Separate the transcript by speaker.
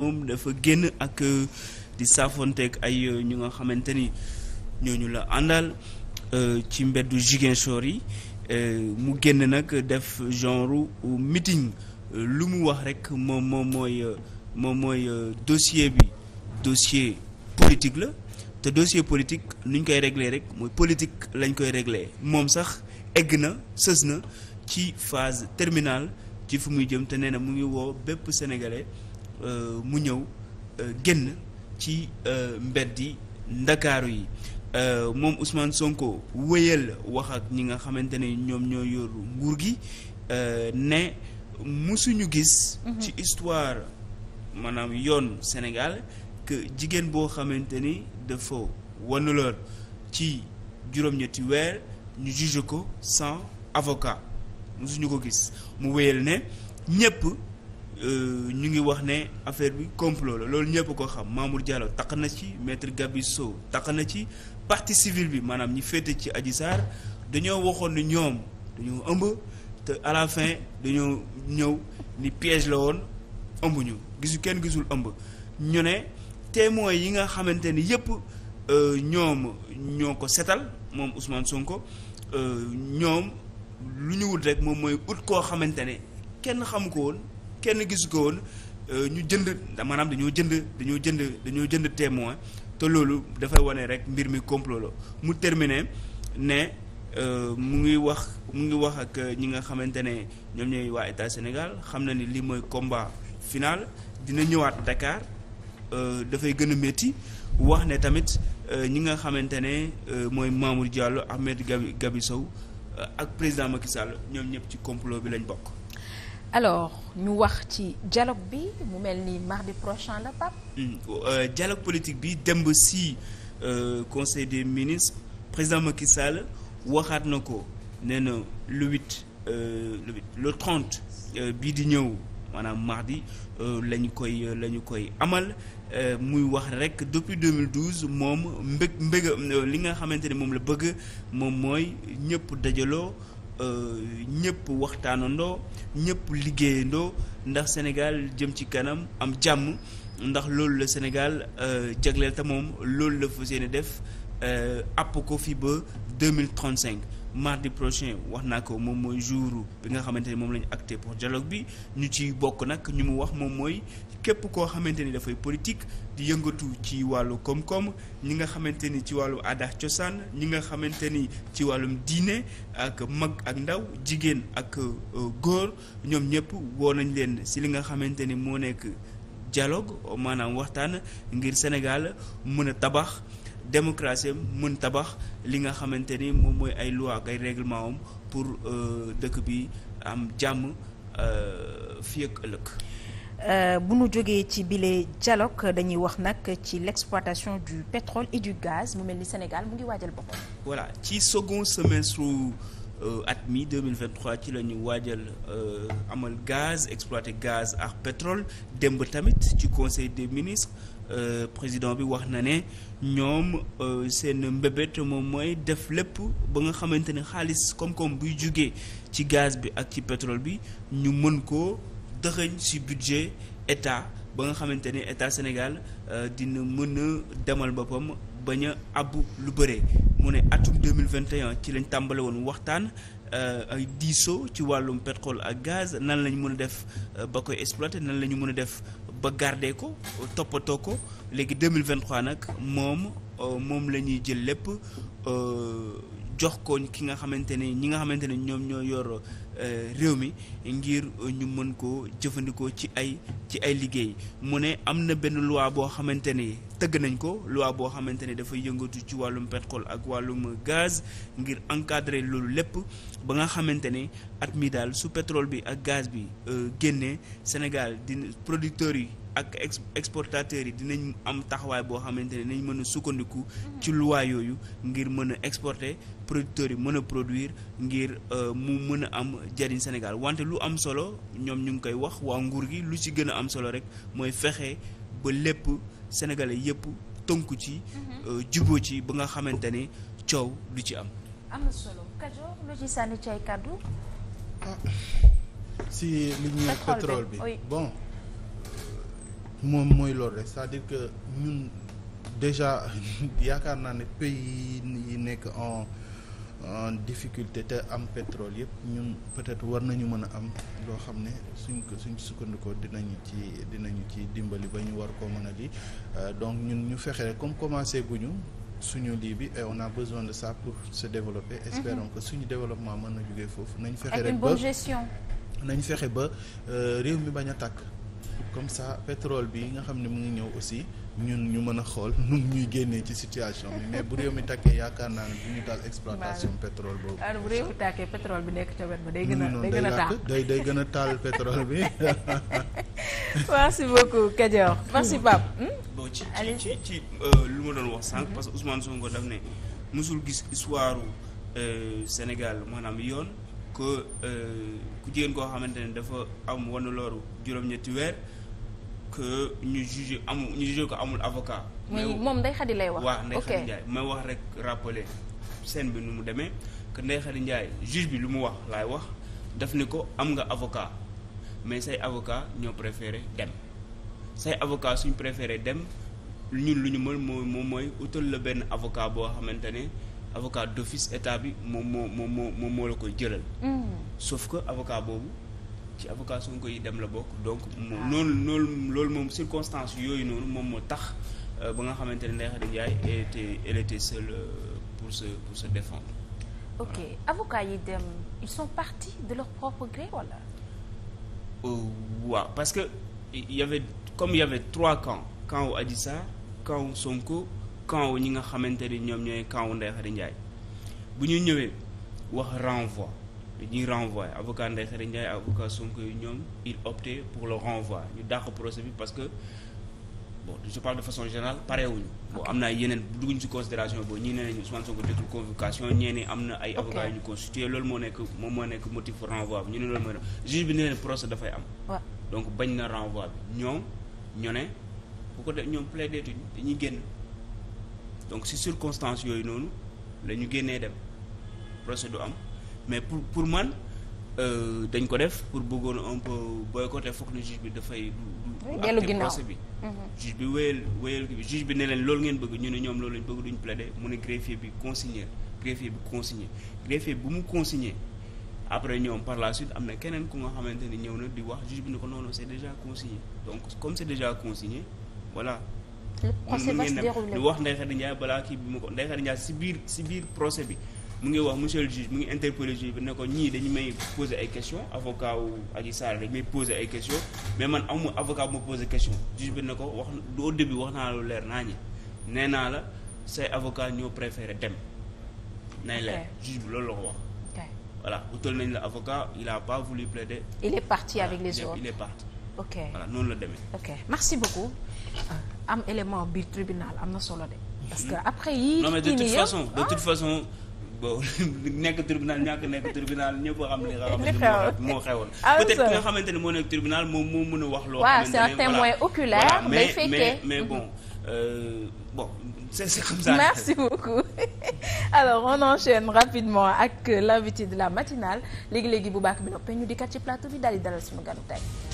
Speaker 1: moom dafa génn ak euh, di saafonteeg ay euh, ñu nga xamante ni ñooñu la àndal euh, ci mbeddu Ziguinchor yi mu génn nag def genre meeting lu mu wax rek moom moom mooy moom mooy dossier bi dossier politique la te dossier politique nu ñu koy régler rek mooy politique lañ koy régler moom sax egg na sës na ci phase terminale ci fu muy jëm te nee na mu ngi woo bépp sénégalais Euh, mu ñëw euh, génn ci euh, mbeddi ndakaaru yi moom Ousmane Sonko wéyal wax ak ñi nga xamante ne ñoom ñoo yor nguur gi ne musuñu gis. Mhm. ci histoire maanaam yoon Sénégal que jigéen boo xamante ni dafa wanu lool ci juróom-ñetti weer ñu juge ko sans avocat musuñu ko gis mu wéyal ne ñëpp. Euh, ñu ngi wax ne affaire bi complot la loolu ñëpp ko xam Mamour Diallo taq na ci maître Gabi Sow taq na ci partie civile bi maanaam ñi féete ci Adji Sarr dañoo waxoon ne ñoom dañoo ëmb te à fin dañoo ñëw ni piège la woon ëmbuñu gisu kenn gisul ëmb ñu ne témoins yi nga xamante ni yëpp euh, ñoom ñoo ko setal moom Ousmane Sonko euh, ñoom lu ñu wut rek moom mooy ut koo xamante ne kenn xamu ko woon. kenn gis ko woon euh, ñu jënd maanaam dañoo jënd dañoo jënd dañoo jënd témoin te loolu dafay wane rek mbir mi complot la mu terminer ne euh, mu ngi wax mu ngi wax ak ñi nga xamante ne ñoom ñooy waa état Sénégal xam na ni lii mooy combat final dina ñëwaat Dakar euh, dafay gën a métti wax ne tamit ñi nga xamante ne mooy Mamour Diallo Ahmed Gabi Gabi Sow ak président Macky Sall ñoom ñëpp ci complo bi lañ bokk. alors ñu wax ci dialogue bi mu mel ni mardi prochain la Pape. Hmm. Euh, dialogue politique bi dem ba si euh, conseil des ministres président Macky Sall waxaat na ko nee na le huit euh, le huit trente bii di ñëw maanaam mardi la ñu koy la ñu koy amal muy wax rek depuis 2012 moom mbëg mbëg li nga xamante ne moom la bëgg moom mooy ñëpp dajaloo. Euh, ñëpp waxtaanandoo ñëpp liggéeyandoo ndax Sénégal jëm ci kanam am jàmm ndax loolu la Sénégal euh, jagleel te moom loolu la fas yéene def euh, àpp ko fi ba deux mille trente cinq mardi prochain wax naa ko moom mooy jour bi nga xamante ne moom la ñu acté pour dialogue bi ñu ci bokk nag ñu mu wax moom mooy képp koo xamante ni dafay politique di yëngatu ci wàllu koom-koom ñi nga xamante ni ci wàllu aada cosaan ñi nga xamante ni ci wàllum diine ak mag ak ndaw jigéen ak euh, góor ñoom ñëpp woo nañ leen si li nga xamante ni moo nekk dialogue maanaam waxtaan ngir Sénégal mën a tabax démocratie mën tabax li nga xamante ni moom mooy ay loi ak ay règlement am pour euh, dëkk bi am jàmm euh, fii ak ëllëg. Euh, bu nu jógee ci bile dialogue dañuy wax nag ci l'exploitation du pétrole et du gaz mu mel ni Sénégal mu ngi waajal boppam. voilà ci second semestre euh, at mi 2023 ci la ñu waajal euh, amal gaz exploité gaz ak pétrole démb tamit ci conseil des ministres. Euh, président bi wax na ne ñoom euh, seen mbébét moom mooy def lépp ba nga xamante ne xaalis koom-koom buy jógee ci gaz bi ak ci pétrole bi ñu mën ko dëxëñ ci budget état ba nga xamante ni état Sénégal euh, dina mën a demal boppam bañ a lu bëree mu ne atum 2021 ci lañ tàmbale woon waxtaan euh, ay diisoo ci wàllum pétrole ak gaz nan lañ mën a def euh, ba koy exploiter nan la ñu mën a def ba garder ko toppatoo ko léegi 2023 nag moom moom la ñuy jël lépp jox ko ki nga xamante ne ñi nga xamante ne ñoom ñoo yor euh, réew mi ngir ñu mën koo jëfandikoo ci ay ci ay liggéey mu ne am na benn loi boo xamante ne tëgg nañ ko luwaa boo xamante ne dafay yëngatu ci wàllum pétrole ak wàllum gaz ngir encadrer loolu lépp ba nga xamante ne at mi daal su pétrole bi ak gaz bi euh, génnee Sénégal di producteurs yi ak ex exportateurs yi dinañ am taxawaay boo xamante ne dinañ mën a sukkandiku mhm. ci loi yooyu ngir mën a exporter producteurs yi mën a produire ngir euh, mu mën a am jariñ Sénégal wante lu am solo ñoom ñu ngi koy wax waa nguur gi lu ci gën a am solo rek mooy fexe ba lépp sénégalais yépp tënku ci mhm. euh, juboo ci ba nga xamante ne coow du ci am. am na solo Kajoor lu ci ah, li ñuy pétrole bi moom mooy loolu rek c'est-à-dire que ñun déjà yaakaar naa ne pays yi nekk en en difficulté te am pétrole yëpp ñun peut-être war nañu mën a am loo xam ne suñ ko suñ sukkandikoo dinañu ci dinañu ci dimbali ba ñu war koo mën a lii euh, donc ñun ñu fexe comme commencé guñu suñu lii bi et naa a besoin de ça pour se développer. Mhm. espérons que suñu développement mën na jógee foofu. nañ fexe rek ba ak nañ fexe ba euh, réew mi bañ a takk comme ça pétrole bi nga xam ne mu ngi ñëw aussi ñun ñu mën a xool nu ñuy génnee ci situation bi mais bu réew mi tàkkee yaakaar naa ne bu ñu taal exploitation pétrole boobu. alors bu réew mi tàkkee pétrole bi nekk ca wet day gën a day gën a taal day day gën a taal pétrole bi. merci beaucoup Kadior merci Pape. Hmm? ci ci ci euh, lu ma doon wax sànq parce que Ousmane Sonko daf ne mosul gis histoire euh, Sénégal maanaam yoon. que euh, ku jigéen koo xamante ne dafa am wan looru juróom-ñetti weer que ñu jugé amul ñu jugé ko amul avocat. mais moom Ndeye Khady lay wax. waaw Ndeye Khady Ndiaye may wax rek rappeler scène bi nu mu demee que Ndeye Khady Ndiaye juge bi lu mu wax laay wax daf ni ko am nga avocat mais say avocat ñoo préféré dem say avocat suñ préféré dem ñun lu ñu mën moom mooy utal la benn avocat boo xamante ne avocat d'office état bi moom moo moo moo moo la koy jëlal. Mm. sauf que avocat boobu. ci avocat Sonko yi dem la bokk donc noonu loolu loolu moom circonstance yooyu noonu moom moo tax euh, ba nga xamante ne Ndeye Khady Ndiaye était elle euh, pour se pour se défendre ok avocats yi dem ils sont partis de leur propre gré wala euh, waaw parce que il y comme il y trois camps camp wu Adji Sarr camp Sonko camp wu ñi nga xamante ni ñoom ñooy camp wu Ndeye Khady bu ñu ñëwee wax renvoi ñuy renvoi avocat Ndeye Khary avocat Sonko yu ñoom il opté pour le renvoi ñu dàq procès bi parce que bon je parle de façon générale parewuñu bon am naa ay yeneen dugguñu ci considération boobu ñu nee nañu Ousmane Sonko jotul am na ay avocats yu ñu constitué loolu moo nekk moom moo nekk motif renvoi bi ñu ne loolu mooy juge bi ne leen procès dafay am donc bañ na renvoi bi ñoom ñoo ne bu ko def ñoom plaideetuñ dañuy génn donc si circonstances yooyu noonu la ñu génnee dem procès du am mais pour pour man euh, dañ ko def pour bëggoon un peu boycotter foog ne juge bi dafay. dellu ginnaaw procès bi. Mhm. juge bi wéyal wéyal juge bi ne leen loolu ngeen bëgg ñu ne ñoom loolu lañ bëgg duñ plaider mu ne greffier bi consigné greffier bi consigné greffier bu mu consigné. après ñoom par la suite am na keneen ku nga xamante ni ñëw na di wax juge bi ne ko noonu non c' est déjà consigné donc comme c' est déjà consigné voilà. le wax Ndeye Khady Ndiaye balaa kii bi mu ko Ndeye si biir si biir procès bi. mu ngi wax monsieur le juge mu ngi interpellé juge bi ne ko ñii dañu may poser ay questions avocat wu Adji Sarr dañu may poser ay questions mais man amu avocat bu ma poser question juge bi ne ko wax du au wax naa lu leer naa ñi nee naa la say avocat ñoo préféré dem nay leer juge bi loolu la ko wax voilà utal nañ la avocat il a pas voulu plaider il est parti avec les autres il noonu la demee ok merci beaucoup euh, am élément bi tribunal am na solo de boobu nekk tribunal ñàkk nekk tribunal ñëpp xam li nga xamante ni moo xewoon ah, peut-être ki nga xamante ne moo nekk tribunal moom moo mën a wax loo xamante ne voilà c'est un témoin oculaire day fekkee mais bon euh, bon c'est c'est comme ça merci beaucoup alors on enchaîne rapidement ak l'invité de la matinale léegi-léegi bu baax bi noppee ñu dikkat ci plateau bi daal di dalal suñu ganu tey